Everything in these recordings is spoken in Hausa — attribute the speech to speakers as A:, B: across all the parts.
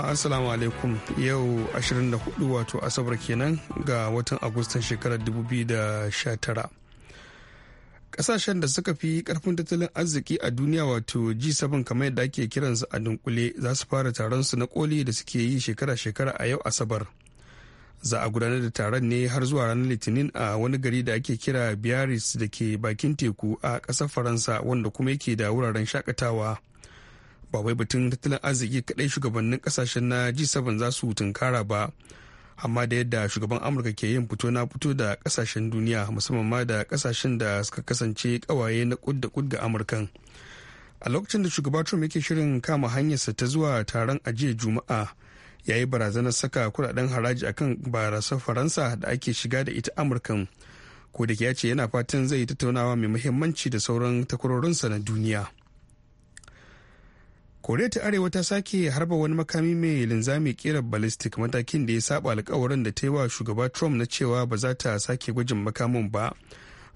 A: jama'a assalamu alaikum yau 24 wato asabar kenan ga watan agustan shekarar 2019 kasashen da suka fi karfin tattalin arziki a duniya wato g7 kamar yadda ake kiransu a dunkule za su fara taron su na koli da suke yi shekara-shekara a yau asabar za a gudanar da taron ne har zuwa ranar litinin a wani gari da ake kira biaris da ke bakin teku a ƙasar faransa wanda kuma yake da wuraren shakatawa ba wai batun tattalin arziki kadai shugabannin kasashen na G7 za su tunkara ba amma da yadda shugaban Amurka ke yin fito na fito da kasashen duniya musamman ma da kasashen da suka kasance kawaye na kud da ga Amurkan. A lokacin da shugaba Trump yake shirin kama hanyarsa ta zuwa taron ajiye Juma'a ya yi barazanar saka kudaden haraji akan barasar Faransa da ake shiga da ita Amurkan. ko da ya ce yana fatan zai tattaunawa mai muhimmanci da sauran takwarorinsa na duniya. koriya ta arewa ta sake harba wani makami mai linzami kera ballistic matakin da ya saba alkawarin da ta yi wa shugaba trump na cewa ba za ta sake gwajin makamin ba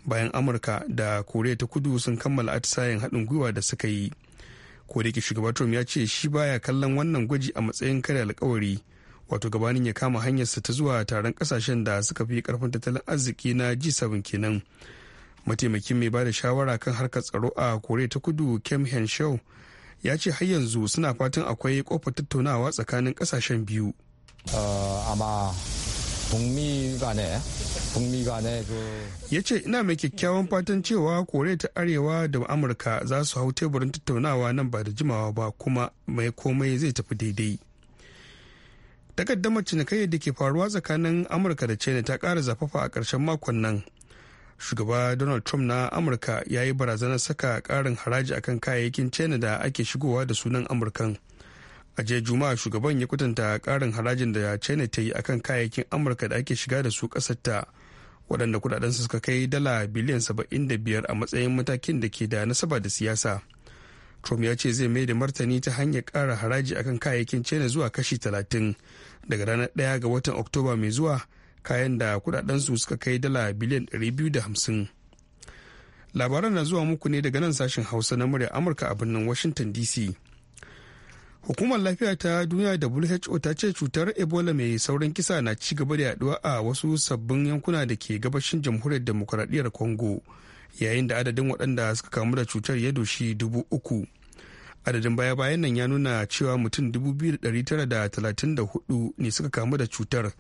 A: bayan amurka da koriya ta kudu sun kammala atisayen haɗin gwiwa da suka yi kodayake shugaba trump ya ce shi baya kallon wannan gwaji a matsayin kare alkawari wato gabanin ya kama hanyarsa ta zuwa taron kasashen da suka fi karfin tattalin arziki na g7 kenan mataimakin mai bada shawara kan harkar tsaro a koriya ta kudu kem henshaw ya ce har yanzu suna fatan akwai kofar tattaunawa tsakanin kasashen biyu uh, ya ce ina mai kyakkyawan fatan cewa koriya ta arewa da amurka za su hau teburin tattaunawa nan ba da jimawa ba kuma mai komai zai tafi daidai takaddamar cinikayyar da ke faruwa tsakanin amurka da china ta ƙara zafafa a ƙarshen makon nan shugaba donald trump na amurka ya yi barazanar saka karin haraji akan kayayyakin china da ake shigowa da sunan amurkan a jiya juma'a shugaban ya kwatanta karin harajin da china ta yi akan kayayyakin amurka da ake shiga da su kasar ta waɗanda kudaden su suka kai dala biliyan saba'in da biyar a matsayin matakin da ke da nasaba da siyasa trump ya ce zai mai da martani ta hanyar kara haraji akan kayayyakin china zuwa kashi talatin daga ranar ɗaya ga watan oktoba mai zuwa kayan da kudadensu suka kai dala biliyan 250 labaran na zuwa muku ne daga nan sashen hausa na murya amurka a birnin washington dc hukumar lafiya ta duniya who ta ce cutar ebola mai sauran kisa na ci gaba da yaduwa a wasu sabbin yankuna da ke gabashin jamhuriyar demokuraɗiyyar congo yayin da adadin waɗanda suka kamu da cutar ya doshi dubu uku adadin baya-bayan nan ya nuna cewa mutum da da tara talatin 2,934 ne suka kamu da cutar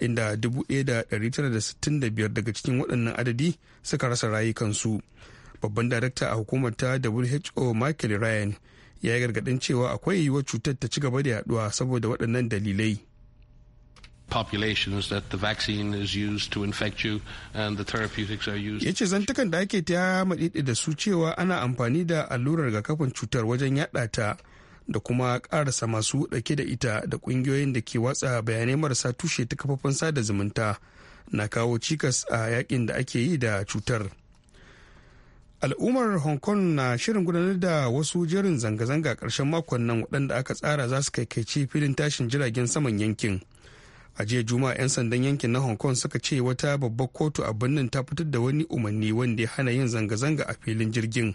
A: inda 1,965 daga cikin waɗannan adadi suka rasa rayukansu. Babban darakta a hukumar ta WHO Michael Ryan ya yi gargaɗin cewa akwai yiwuwar cutar ta ci gaba da yaduwa saboda waɗannan dalilai.
B: populations that the vaccine is used to infect you and the therapeutics are used. Yace
A: zantukan da ake ta maɗiɗi da su cewa ana amfani da allurar ga rigakafin cutar wajen yaɗa ta da kuma karasa masu ɗauke da ita da ƙungiyoyin da ke watsa bayanai marasa tushe ta kafafen sada zumunta na kawo cikas a yakin da ake yi da cutar al'ummar hong kong na shirin gudanar da wasu jerin zanga-zanga ƙarshen makon nan waɗanda aka tsara za su kaikaici filin tashin jiragen saman yankin a jiya juma'a 'yan sandan yankin na hong kong suka ce wata babbar kotu a birnin ta fitar da wani umarni wanda ya hana yin zanga-zanga a filin jirgin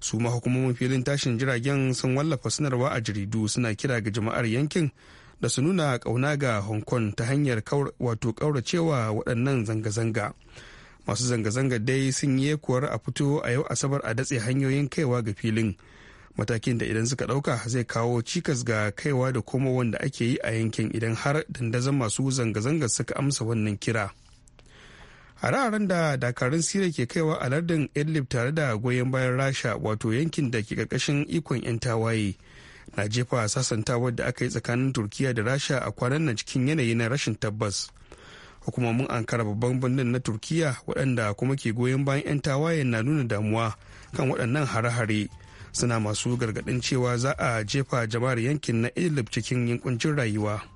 A: su ma hukumomin filin tashin jiragen sun wallafa sanarwa a jaridu suna kira ga jama'ar yankin da su nuna kauna ga hong kong ta hanyar wato kauracewa waɗannan zanga-zanga masu zanga-zanga dai sun yi kuwar a fito a yau asabar a datse hanyoyin kaiwa ga filin matakin da idan suka ɗauka zai kawo cikas ga kaiwa da komowar da ake yi a yankin idan har dandazon masu zanga-zanga suka amsa wannan kira. ra'arin da dakarun siriya ke kaiwa a lardin idlib tare da goyon bayan rasha wato yankin da ke karkashin ikon 'yan tawaye na jefa sasantawar da aka yi tsakanin turkiya da rasha a kwanan nan cikin yanayi na rashin tabbas hukumomin ankara babban birnin na turkiya waɗanda kuma ke goyon bayan 'yan tawaye na nuna damuwa kan waɗannan hare-hare suna masu gargaɗin cewa za a jefa jama'ar yankin na idlib cikin yankuncin rayuwa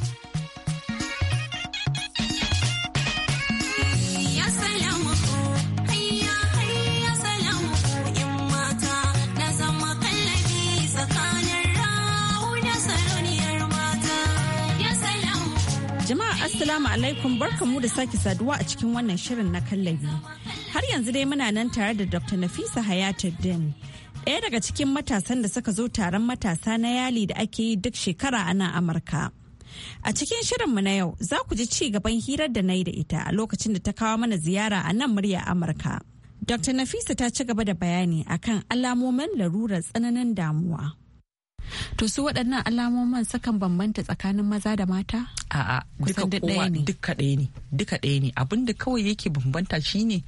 C: Assalamu alaikum barkamu da sake saduwa a cikin wannan shirin na kallabi. Har yanzu dai muna nan tare da Dr. Nafisa Hayatuddin. Ɗaya daga cikin matasan da suka zo taron matasa na yali da ake yi duk shekara a nan Amurka. A cikin shirinmu na yau za ku ji ci gaban hirar da na yi da ita a lokacin da ta kawo mana ziyara a nan murya Amurka. Dr. Nafisa ta ci gaba da bayani akan alamomin larurar tsananin damuwa. To su waɗannan alamomin sakan bambanta tsakanin maza da mata?
D: A'a, duka duka ɗaya ne, duka ɗaya ne. Abin da kawai yake bambanta shine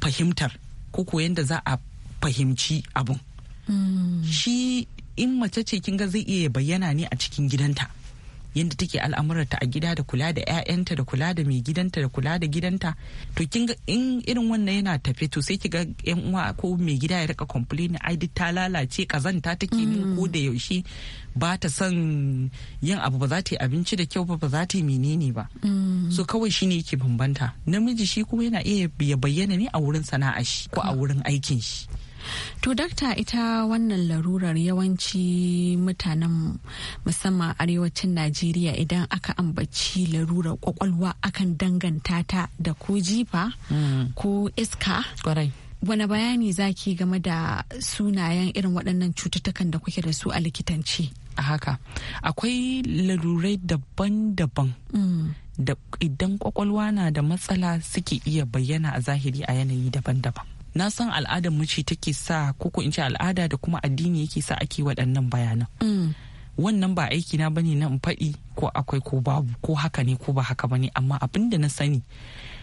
D: fahimtar ko ko yanda za a fahimci abun. Hmm. Shi in mace ce kin ga zai iya bayyana ne a cikin gidanta. yadda take al'amurarta a gida da kula da 'ya'yanta da kula da mai gidanta da kula da gidanta to kin ga in irin wannan yana tafe to sai ki ga yan uwa ko mai gida ya rika complain ai duk ta lalace kazanta take min mm. ko da yaushe ba ta son yin abu ba za ta yi abinci da kyau ba ba za ta yi menene ba
C: mm. so
D: kawai shine yake bambanta namiji shi kuma yana iya bayyana ne a wurin sana'a shi ko a wurin aikin shi
C: To dakta ita wannan larurar yawanci mutanen musamman arewacin Najeriya idan aka ambaci larurar kwakwalwa akan danganta ta da ko jifa hmm. ko iska. Wane bayani zaki game da sunayen irin waɗannan cututtukan da kuke da su a likitanci?
D: A haka, akwai larurai daban-daban hmm. idan kwakwalwa na da matsala suke iya bayyana a zahiri a yanayi daban-daban. na san al'adar mace take sa koko in ce al'ada da kuma addini yake sa ake waɗannan bayanan mm. wannan ba aiki na bane na in faɗi ko akwai ko babu ko haka ne ko ba haka bane amma abin da na sani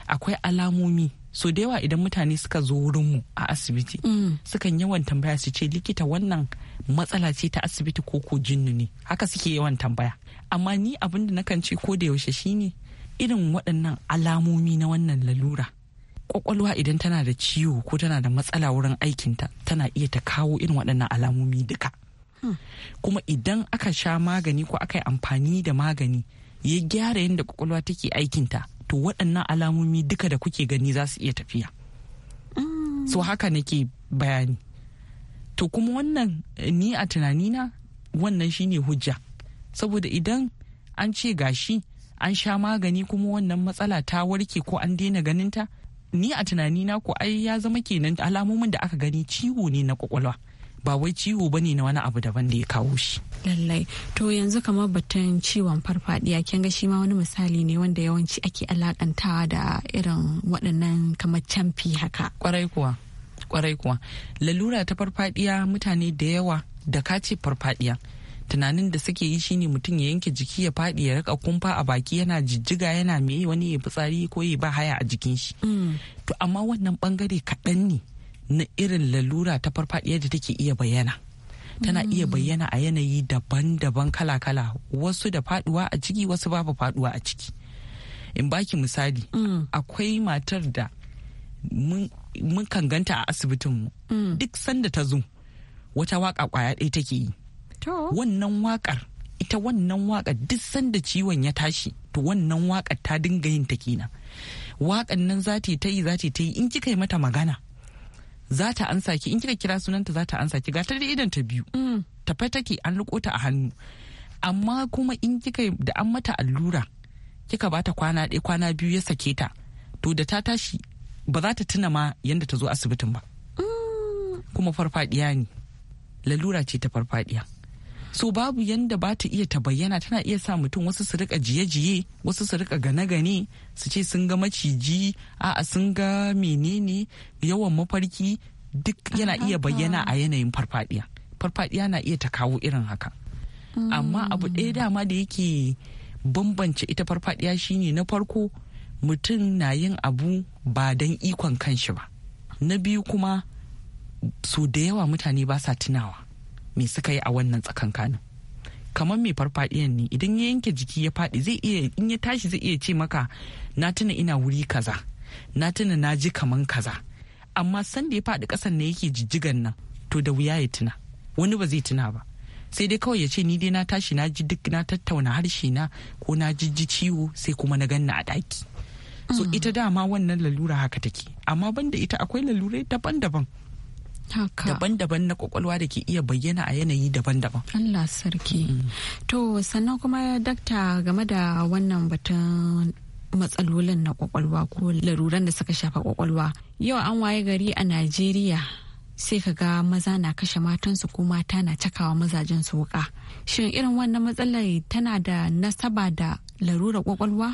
D: akwai alamomi so da yawa idan mutane suka zo wurinmu a asibiti mm. sukan yawan tambaya su ce likita wannan matsala ce ta asibiti ko ko jinnu ne haka suke yawan tambaya amma ni abin da kan ce ko da yaushe shine irin waɗannan alamomi na wannan lalura kwakwalwa idan tana da ciwo ko tana da matsala wurin aikinta tana iya ta kawo irin waɗannan alamomi duka hmm. kuma idan aka sha magani ko aka yi amfani da magani ya gyara yadda kwakwalwa take aikinta to waɗannan alamomi duka da kuke gani za su iya tafiya hmm. so haka nake bayani to kuma wannan eh, ni a tunanina wannan shine hujja saboda idan an ce gashi an sha magani kuma wannan matsala ta warke ko an daina ganinta ni a tunani na ko ai ya zama kenan alamomin da aka gani ciwo ne na kwakwalwa ba wai ciwo ba ne na wani abu daban da ya kawo shi.
C: Lallai to yanzu kamar batun ciwon farfadiya kin ga shi ma wani misali ne wanda yawanci ake alakantawa da irin waɗannan kamar camfi haka.
D: Kwarai kuwa. Kwarai kuwa. Lalura ta farfadiya mutane da yawa da ka ce farfadiya tunanin da suke yi shine mutum ya yanke jiki ya faɗi ya rika kumfa a baki yana jijjiga yana meye wani ya fitsari ko ya ba haya a jikin shi mm. to amma wannan bangare kaɗan ne na irin lalura ta farfaɗiya da take iya bayyana tana iya mm. bayyana a yanayi daban-daban kala-kala wasu da faɗuwa a ciki wasu babu faduwa a ciki in baki misali mm. akwai matar da mun kan ganta a asibitinmu duk sanda ta zo wata waka kwaya ɗaya take yi wannan wakar ita wannan wakar duk sanda ciwon ya tashi to wannan wakar ta dinga yin ta kenan wakan nan za ta yi ta yi za ta yi in kika yi mata magana za ta ansa ki in kika kira sunanta za ta ansa ki ga ta da idan ta biyu mm. tafe take an riko ta a hannu amma kuma in kika da an mata allura kika bata kwana ɗaya kwana biyu ya sake ta to da ta tashi ba za ta tuna ma yadda ta zo asibitin ba mm. kuma farfadiya ne lalura ce ta farfadiya so babu yanda ba ta iya ta bayyana tana iya sa mutum wasu su rika jiye-jiye wasu su rika gane-gane su ce sun ga maciji a'a sun ga menene yawan mafarki duk yana iya bayyana a yanayin farfadiya farfadiya na iya ta kawo irin haka mm. amma abu ɗaya dama da yake bambance ita farfadiya shine na farko mutum na yin abu ba don ikon kanshi ba na biyu kuma so da yawa mutane ba sa tunawa me suka yi a wannan tsakankanin kamar mai farfadiyan ne idan ya yanke jiki ya faɗi zai iya in ya tashi zai iya ce maka na tuna ina wuri kaza na tuna na ji kaman kaza amma sanda ya faɗi kasan ne yake jijjigan nan to da wuya ya tuna wani ba zai tuna ba sai dai kawai ya ce ni dai na tashi na ji duk na tattauna harshe na ko na jijji ciwo sai kuma na ganna a ɗaki so mm. ita dama wannan lalura haka take amma banda ita akwai lalurai daban-daban daban-daban na kwakwalwa da ke iya bayyana a yanayi daban-daban. Allah sarki. Mm. To
C: sannan kuma dakta game da wannan batun matsalolin na kwakwalwa ko laruran da suka shafa kwakwalwa. Yau an waye gari a Najeriya sai ka ga maza na kashe matansu ko mata na cakawa mazajen su wuka. Shin irin wannan matsalar tana da nasaba da larurar kwakwalwa?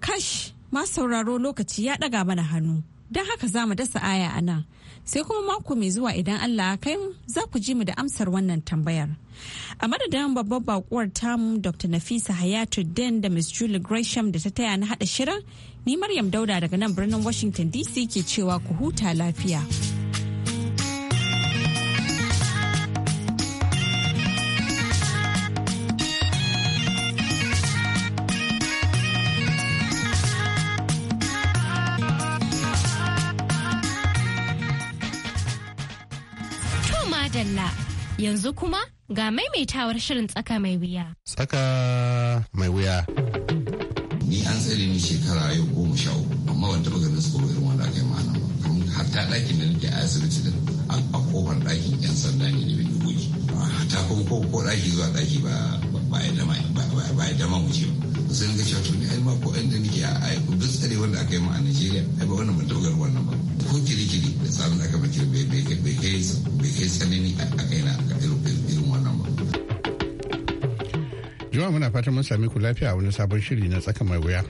C: Kash, masu sauraro lokaci ya ɗaga mana hannu. Don haka za mu dasa aya a nan. Sai kuma mako mai zuwa idan Allah kai za ku ji mu da amsar wannan tambayar. A madadin babbar bakuwar tamu Dr. Nafisa Hayatu Den da Miss Julie Gresham da ta taya na haɗa shirin, ni Maryam Dauda daga nan birnin Washington DC ke cewa ku huta lafiya.
E: yanzu kuma ga maimaitawar shirin tsaka mai wuya.
B: Tsaka mai wuya. Ni an tsare ni shekara yau goma
F: sha uku amma ban taɓa ganin tsoro irin wanda aka yi ma'ana ba. Kamar hatta ɗakin da nake a asibiti da a kofar ɗakin 'yan sanda ne da bin duboki. Ah, Ta kuma ko ɗaki zuwa ɗaki ba ya dama mu ce ba. cewa to ai ma ko inda nake a duk tsare wanda aka yi ma a Najeriya ai ba wannan mun taɓa wannan ba ko kiri-kiri da tsarin aka mace bai kai tsanani a kaina a irin wannan ba.
B: Juma muna fatan mun sami ku lafiya a wani sabon shiri na tsaka mai wuya.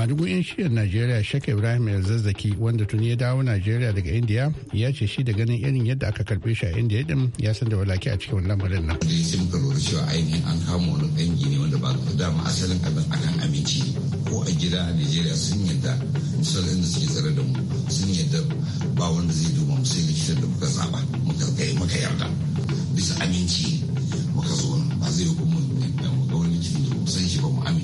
B: madugun 'yan shiyar najeriya shek ibrahim zazzaki wanda tuni ya dawo najeriya daga india ya ce shi da ganin irin yadda aka karbe shi a india din ya san da walaki a cikin lamarin nan sai muka lura cewa ainihin an kama wani dangi ne wanda ba da dama asalin abin akan aminci ko a gida a najeriya
F: sun yadda sun inda suke tsare da mu sun yadda ba wanda zai duba mu sai likitan da muka zaba muka kai muka yarda bisa aminci muka zo ba zai hukumu
E: ga wani likitan da mu san shi ba mu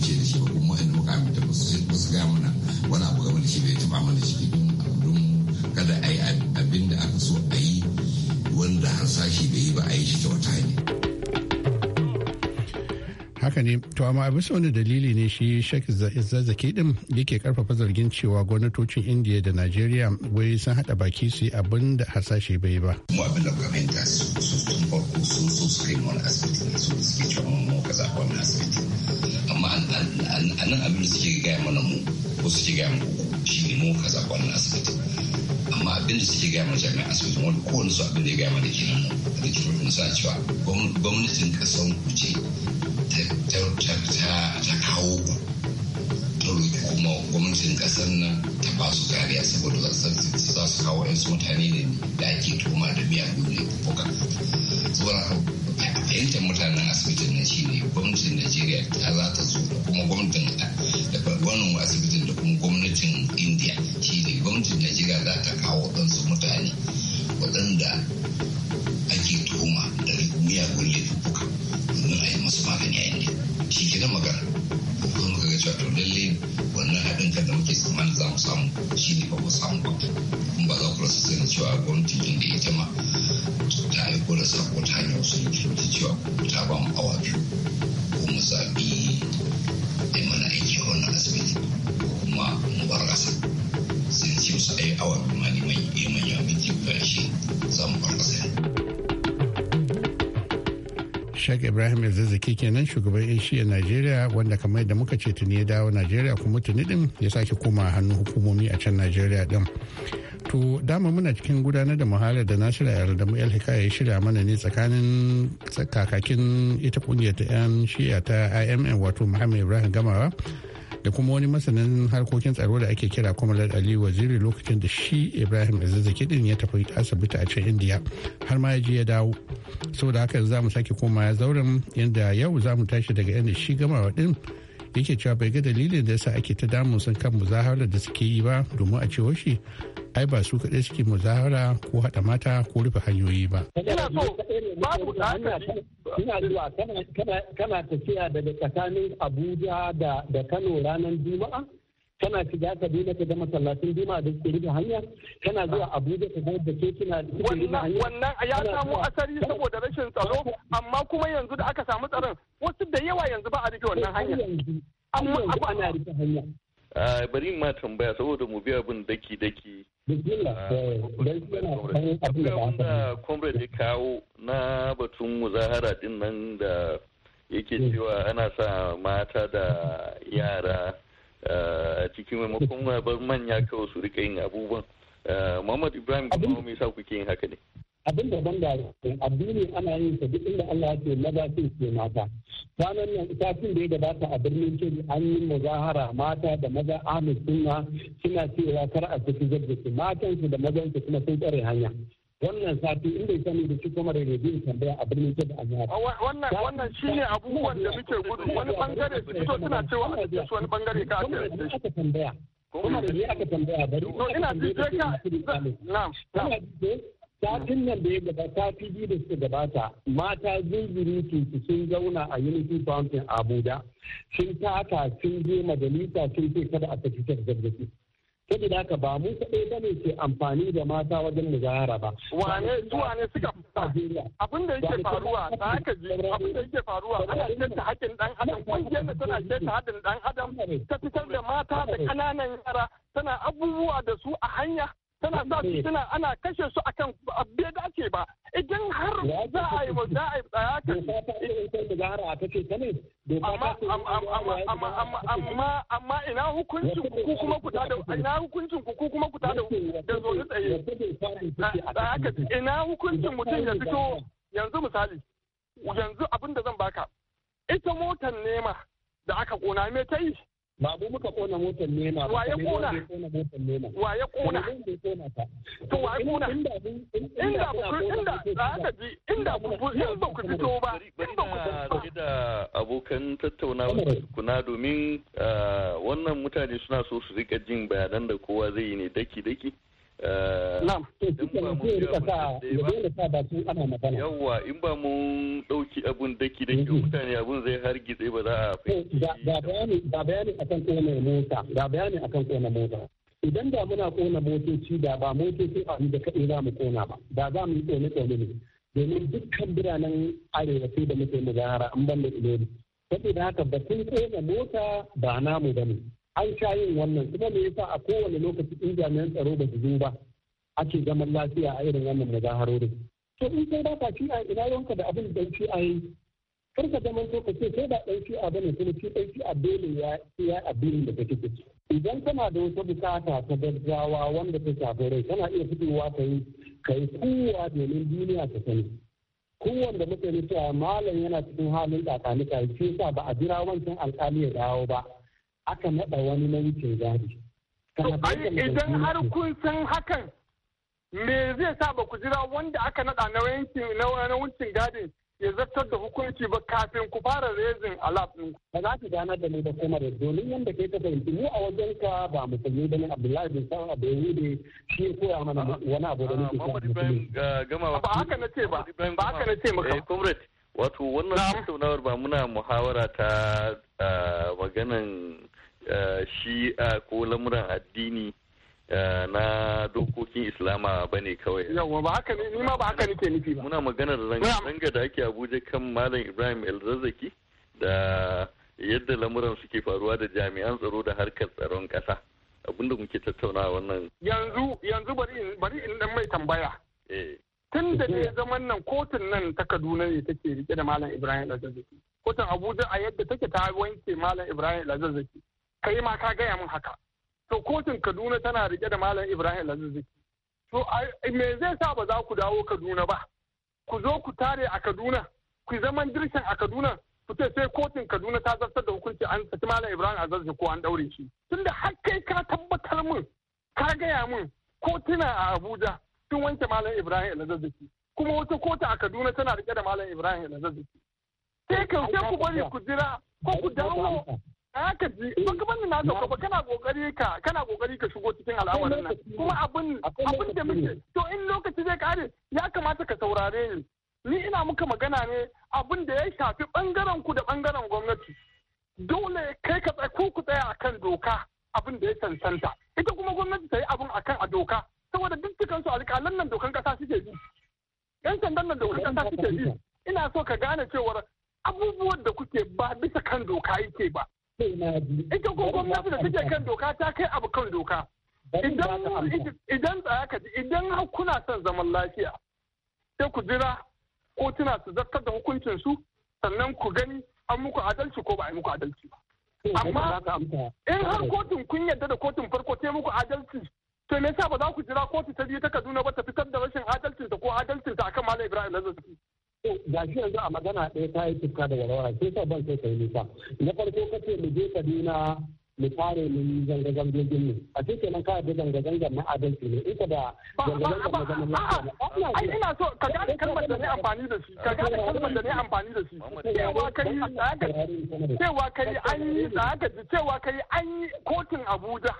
E: su gaya mana wani abu game da shi da ya taba mana shi don kada
B: haka ne to amma a bisa wani dalili ne shi shek zazzake din yake karfafa zargin cewa gwamnatocin indiya da nigeria wai sun hada baki su yi abin da hasashe bai ba
F: mu abin da kuka fahimta su tun farko sun so su kai wani asibiti ne su suke cewa mu ka zaɓa wani asibiti amma a nan abin da suke gaya mana mu ko suke gaya mu shi ne mu ka zaɓa wani asibiti amma abin da suke gaya mana jami'an asibiti wani kowane su abin da ya gaya mana kenan da cewa gwamnatin kasan ku ce ta kawo ta roƙi kuma gwamnatin ƙasar nan ta ba su kariya saboda za su kawo yansu mutane da ake toma da miyagun laifuka zuwa fahimtar mutanen asibitin na shi ne gwamnatin najeriya ta za ta zo da kuma gwamnatin da gwamnatin asibitin da kuma gwamnatin india shi ne gwamnatin najeriya za ta kawo waɗansu mutane waɗanda ake tuhuma da miyagun laifuka musu magani a inda shi ke nan magana ko kuma muka ga cewa to lalle wannan haɗin kan da muke tsammanin za mu samu shi ne ba ku samu ba in ba za ku rasa sani cewa gwamnatin inda ita ma ta aiko da sako ta hanyar wasu ta cewa ta ba mu awa biyu
B: ibrahim zazzaki kenan shugaban asia najeriya wanda kamar da muka ce tuni ya dawo najeriya kuma tuni din ya sake koma hannun hukumomi a can najeriya din to dama muna cikin gudanar da muhalar da nasiru yardamu el hikaya ya shirya mana ne tsakanin kakakin ita kungiyar ta yan shi'a ta imm wato muhammad ibrahim gamawa da kuma wani masanin harkokin tsaro da ake kira kwamalar ali waziri lokacin da shi ibrahim azazzaki din ya tafi asibiti a can indiya har ma ya je ya dawo saboda haka za mu sake koma zauren inda yau za mu tashi daga yadda shi gamawa din yake cewa bai ga dalilin da yasa ake ta damun sun kan muzaharar da suke yi ba domin a cewa shi ai ba su kaɗai suke muzahara ko haɗa mata ko rufe hanyoyi ba.
G: Ina so babu Ina zuwa kana tafiya daga tsakanin Abuja da Kano ranar Juma'a kana shiga Kaduna ka ga masallacin Juma'a da suke rufe hanya kana zuwa Abuja ka ga da ke kina
H: wannan ya samu asali saboda rashin tsaro amma kuma yanzu da aka samu tsaron wasu da yawa yanzu ba a rufe wannan hanya. Amma ana rufe hanya.
I: Ah, bari ma tambaya saboda mu biya bin daki daki
G: Ah, eh, wanda
I: ya kawo na batun muzahara din nan da yake mm. cewa ana sa mata da yara eh, a cikin maimakon bar manya kawai su rika yin abubuwan eh, muhammad ibrahim kuma mai yasa kuke yin haka ne
G: abin da ban da addini ana yin sa duk inda Allah ya ce maza sun ce mata kwanan nan satin da ya gabata a birnin Kebbi an yi muzahara mata da maza Ahmed suna suna cewa kar a tafi zabbaci matan su da mazan su kuma sun tsare hanya wannan sati inda ya sani da cikin mara rediyon tambaya a birnin Kebbi a jihar. Wannan wannan shi ne abubuwan da muke gudu wani bangare su fito suna cewa a cikin wani bangare ka aka tambaya. Kuma da ya aka tambaya bari. Ina jin ka. Na'am. satin nan da ya gaba fi biyu da suka gabata mata zunzuri tutu sun zauna a unity fountain abuja sun taka sun je majalisa sun ce kada a tafi tafi gwamnati saboda haka ba mu kaɗai ba ne ke amfani da mata wajen muzahara ba. Wane zuwa ne
H: suka fita abin da yake faruwa ta haka ji abin da yake faruwa ana ta hakin ɗan adam ƙungiyar da tana ta haɗin ɗan adam ta fitar da mata da ƙananan yara tana abubuwa da su a hanya tana za su eh. tana ana kashe su akan bai dace ba idan har za a yi za a yi tsaya ka amma amma ina hukuncin ku kuma ku tada ina hukuncin ku kuma ku tada da zo tsaye tsaya ka ina hukuncin mutum ya fito yanzu misali yanzu abin da zan baka ita motar nema da aka kona me ta yi ba mu muka kona motar nema kona
G: waye kona to kona inda
H: inda inda ku in ba ku fito ba in
G: ba ku
I: fito da abokan tattaunawa kuna domin ah, wannan mutane suna so su rika jin bayanan da kowa zai yi ne daki daki Eh, yawwa in ba mun ɗauki abun daki daki mhm. mutane abun zai hargitse ba za a
G: fahimci ba bayani akan kona mota Ba bayani akan kona mota idan da muna kona motoci da ba motocin abin da kaɗai za mu kona ba da za mu yi kone kone ne domin dukkan biranen arewa sai da muke mu gara an ban da saboda haka batun kona mota ba namu ba ne an sha yin wannan kuma me yasa a kowane lokaci in jami'an tsaro ba su zo ba ake zaman lafiya a irin wannan muzaharorin to in kai ba ka ci a ina yanka da abin da ci a yi kar ka zama ko ka ce kai ba dan ci a bane kuma ci dan ci a dole ya ya abin da kake ciki idan kana da wata bukata ta gaggawa wanda ta shafi rai kana iya fitowa ka yi ka yi kowa domin duniya ta sani kowanne mutane cewa malam yana cikin halin tsakanika shi sa ba a jira wancan alƙali ya dawo ba aka naɗa wani na wucin gadi.
H: Idan har kun san hakan me zai sa ba ku jira wanda aka naɗa na wucin gadin ya zartar da hukunci ba kafin ku fara rezin alaf ɗin.
G: Ba za ki gana da mu da kuma da domin yadda kai ka fahimci mu a wajen ka ba musulmi ba ne Abdullahi bin Sa'ad Abu Yahudi shi ya koya mana ah, wani abu da ah, muke
H: kuma. Ah, ba haka na ce ba ba haka na ce
I: maka. Eh, comrade wato wannan tattaunawar ba muna muhawara ta maganan Eh, shi'a eh, ko lamuran addini eh, na dokokin islama ba ne kawai yawa ba haka ni ma ba haka nake nufi ba muna maganar zanga da ake abuja kan malam ibrahim elzazzaki da yadda lamuran suke faruwa da jami'an tsaro da harkar tsaron kasa
H: abinda muke tattauna wannan yanzu yanzu bari in dan mai tambaya tun da ne zaman nan kotun nan ta kaduna ne take rike da malam ibrahim elzazzaki kotun abuja a yadda take ta wanke malam ibrahim elzazzaki kai ma ka gaya min haka to kotun kaduna tana rike da malam ibrahim lazizziki to me zai sa ba za ku dawo kaduna ba ku zo ku tare a kaduna ku zaman dirshin a kaduna ku ce sai kotun kaduna ta zartar da hukunci an saki malam ibrahim azazi ko an daure shi tunda har kai ka tabbatar min ka gaya min kotuna a abuja tun wanke malam ibrahim azazzaki kuma wata kotu a kaduna tana rike da malam ibrahim azazzaki
B: sai ka ku bari ku
H: jira ko ku dawo haka ji na ba kana kokari ka kana kokari ka shigo cikin al'amarin nan kuma abin abin da muke to in lokaci zai kare ya kamata ka saurare ni ni ina muka magana ne abin da ya shafi bangaren ku da bangaren gwamnati dole kai ka tsaya ku ku tsaya akan doka abin da ya sansanta ita kuma gwamnati ta yi abin akan a doka saboda duk su alƙalan nan dokan kasa suke bi yan sandan nan dokan kasa suke bi ina so ka gane cewar abubuwan da kuke ba bisa kan doka yake ba Ita ko gwamnati da take kan doka ta kai abu kan doka. Idan tsaya ka ji idan kuna son zaman lafiya sai ku jira kotuna su zartar da hukuncin su sannan ku gani an muku adalci ko ba a muku adalci ba. Amma in har kotun kun yadda da kotun farko sai muku adalci to me yasa ba za ku jira kotu ta biyu ta Kaduna ba ta fitar da rashin adalcinta ko adalcinta akan Malam Ibrahim Lazzaki.
G: ga shi yanzu a magana ɗaya ta yi tuka da warwara sai sa ban kai kai nisa na farko ka ce mu je kaduna mu fare mu yi zanga-zangogin mu a cikin nan ka da zanga-zangar na adalci ne ita da zanga-zangar na zaman lafiya ai ina so ka gane kalmar da ne amfani da shi ka gane kalmar da ne amfani
H: da shi cewa kai cewa kai an yi zaka ji cewa kai an yi kotun Abuja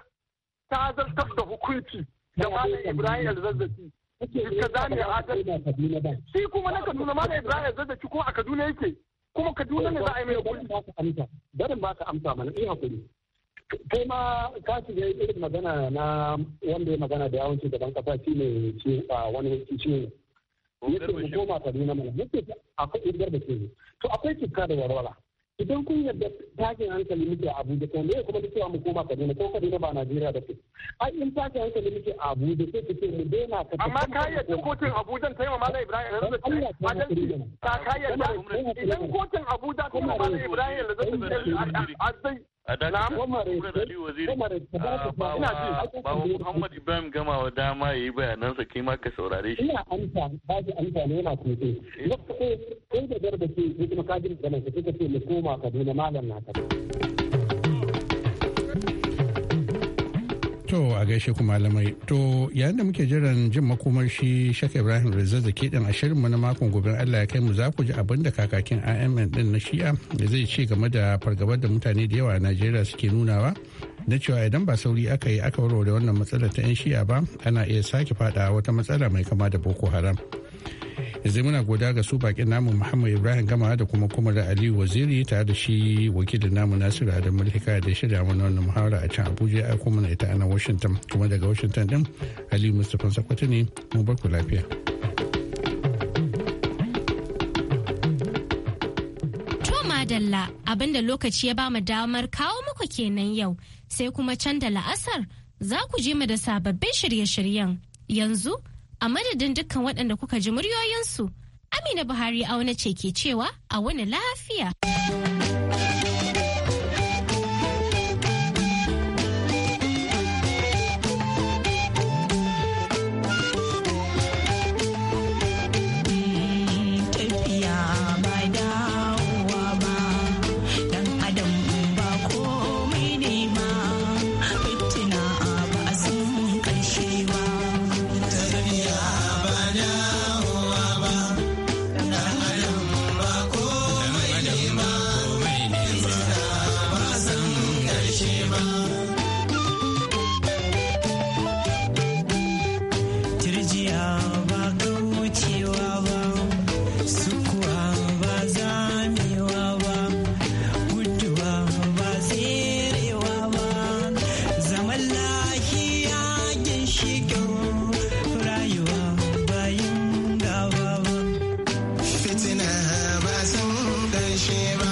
H: ta zartar da hukunci da malam Ibrahim Al-Zazzaki ka zame adalci shi kuma na kaduna ma ne za a yarda kuma a kaduna yake kuma kaduna ne za a yi mai
G: kuli barin ba ka amsa mana iya hakuri kai ma ka shiga irin magana na wanda ya magana da yawancin gaban kasa shi ne wani yanki ciwo yake mu koma kaduna mana yake akwai irgar da ke to akwai cikka da warwara idan kun yarda tashin hankali muke a Abuja to me kuma cewa mu koma Kaduna ko Kaduna ba Najeriya ba ce ai in tashin hankali muke a Abuja sai ku ce mu daina ka amma ka yadda kotun
H: Abuja ta yi ma Malam Ibrahim Lazarus ta ka yarda idan kotun Abuja ta yi ma Malam Ibrahim Lazarus ta yi a daga Muhammad Ali Waziri ba
I: wa Muhammad Ibrahim gama wa dama yayi bayanansa kai kima ka saurare shi
H: ina amsa
G: ba ki amsa ne yana kuce eh. lokacin kai da garba ke kuma kadir da nan kake ce mu koma Kaduna malam na Kaduna
B: To a gaishe ku malamai. To yayin da muke jiran jin makomar shi Sheikh Ibrahim Rizal da ke a shirin mu na makon gobe Allah ya kai mu za ku ji abin da kakakin IMN din na Shi'a da zai ce game da fargabar da mutane da yawa a Najeriya suke nunawa na cewa idan ba sauri aka yi aka warware wannan matsalar ta 'yan Shi'a ba ana iya sake fada wata matsala mai kama da Boko Haram. yanzu muna goda ga su bakin namu muhammad ibrahim gama da kuma kuma da aliyu waziri tare da shi wakilin namu nasiru adam mulkika da shirya mana wannan muhawara a can abuja ya kuma na ita a washington kuma daga washington din aliyu mustapha sakwato ne mu bar ku lafiya
E: madalla abinda lokaci ya bamu damar kawo muku kenan yau sai kuma can da la'asar za ku je mu da sababbin shirye-shiryen yanzu a madadin dukkan waɗanda kuka ji muryoyinsu amina buhari auna ce ke cewa a wani lafiya. share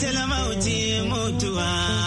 F: matal mauti mutuwa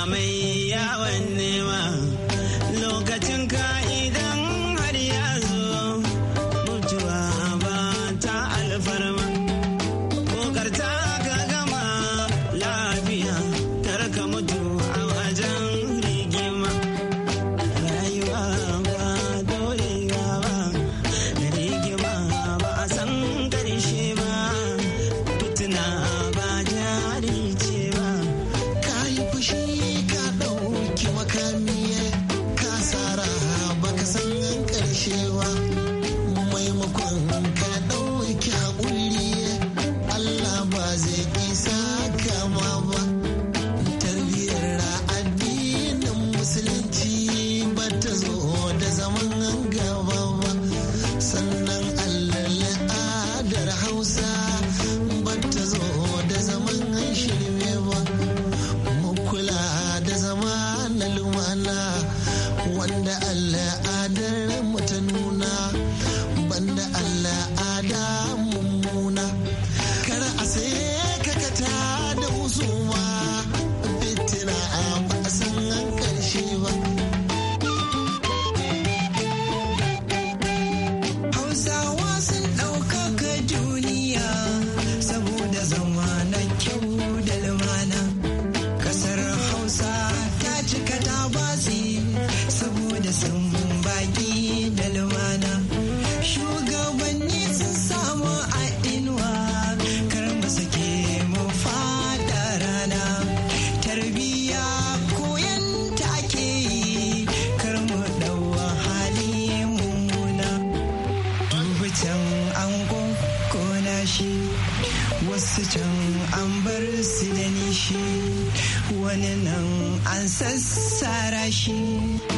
E: wani nan an sassara shi